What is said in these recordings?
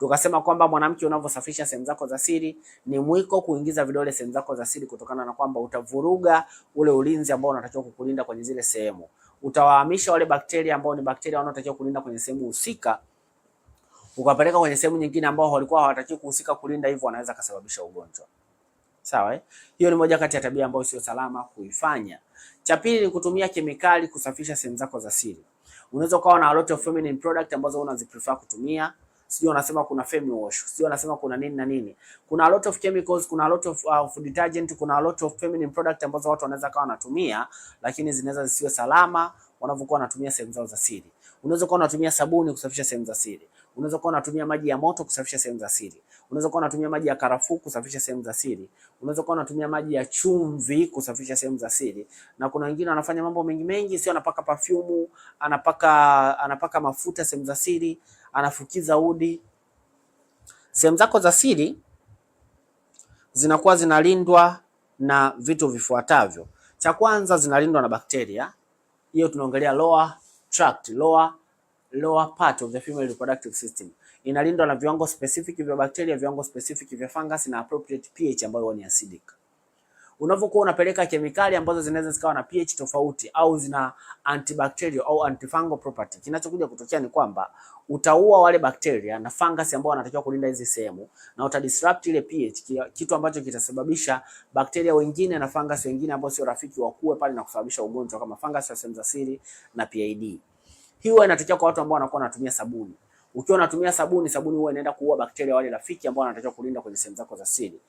Tukasema kwamba mwanamke, unavyosafisha sehemu zako za siri, ni mwiko kuingiza vidole sehemu zako za siri, kutokana na kwamba utavuruga ule ulinzi ambao unatakiwa kukulinda kwenye zile sehemu. Utawahamisha wale bakteria ambao ni bakteria wanaotakiwa kulinda kwenye sehemu husika ukapeleka kwenye sehemu nyingine ambao walikuwa hawatakiwi kuhusika kulinda, hivyo wanaweza kusababisha ugonjwa. Sawa, eh? Hiyo ni moja kati ya tabia ambayo sio salama kuifanya. Cha pili ni kutumia kemikali kusafisha sehemu zako za siri. Unaweza ukawa na a lot of feminine product ambazo unaziprefer kutumia sio wanasema kuna femi wash, sio wanasema kuna nini na nini. Kuna a lot of chemicals, kuna a lot of uh, food detergent, kuna a lot of feminine product ambazo watu wanaweza kawa wanatumia, lakini zinaweza zisiwe salama wanavyokuwa wanatumia sehemu zao za siri. Unaweza kuwa unatumia sabuni kusafisha sehemu za siri. Unaweza kuwa unatumia maji ya moto kusafisha sehemu za siri. Unaweza kuwa unatumia maji ya karafuu kusafisha sehemu za siri. Unaweza kuwa unatumia maji ya chumvi kusafisha sehemu za siri. Na kuna wengine wanafanya mambo mengi mengi, sio anapaka perfume, anapaka anapaka mafuta sehemu za siri anafukiza udi. Sehemu zako za siri zinakuwa zinalindwa na vitu vifuatavyo. Cha kwanza zinalindwa na bakteria, hiyo tunaongelea lower tract, lower lower part of the female reproductive system inalindwa na viwango specific vya bakteria, viwango specific vya fungus na appropriate pH ambayo ni acidic unavyokuwa unapeleka kemikali ambazo zinaweza zikawa na pH tofauti au zina antibacterial au antifungal property, kinachokuja kutokea ni kwamba utaua wale bakteria na fungus ambao wanatakiwa kulinda hizi sehemu na uta disrupt ile pH, kitu ambacho kitasababisha bakteria wengine na fungus wengine ambao sio rafiki wakuwe pale na kusababisha ugonjwa kama fungus ya sehemu za siri na PID. Hiyo inatokea kwa watu ambao wanakuwa wanatumia sabuni. Ukiwa unatumia sabuni, sabuni huwa inaenda kuua bakteria wale rafiki ambao wanatakiwa kulinda kwenye sehemu zako za siri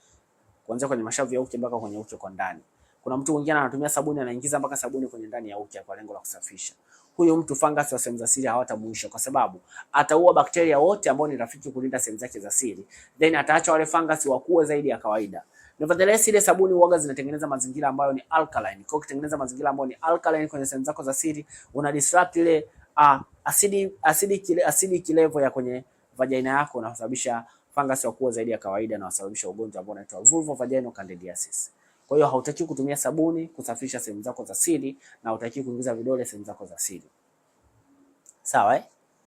kuanzia kwenye mashavu ya uke mpaka kwenye uke kwa ndani. Kuna mtu mwingine anatumia sabuni anaingiza mpaka sabuni kwenye ndani ya uke kwa lengo la kusafisha. Huyo mtu fungus wa sehemu za siri hawatamuisha kwa sababu ataua bakteria wote ambao ni rafiki kulinda sehemu zake za siri. Then ataacha wale fungus wakuwe zaidi ya kawaida. Nevertheless, ile sabuni uoga zinatengeneza mazingira ambayo ni alkaline. Kwa kutengeneza mazingira ambayo ni alkaline kwenye sehemu zako za siri, una disrupt ile uh, ah, asidi asidi kile asidi kilevo ya kwenye vagina yako na kusababisha fangasi wakubwa zaidi ya kawaida na wasababisha ugonjwa ambao unaitwa vulvovaginal candidiasis. Kwa hiyo hautaki kutumia sabuni kusafisha sehemu zako za siri na hautaki kuingiza vidole sehemu zako za siri. Sawa eh?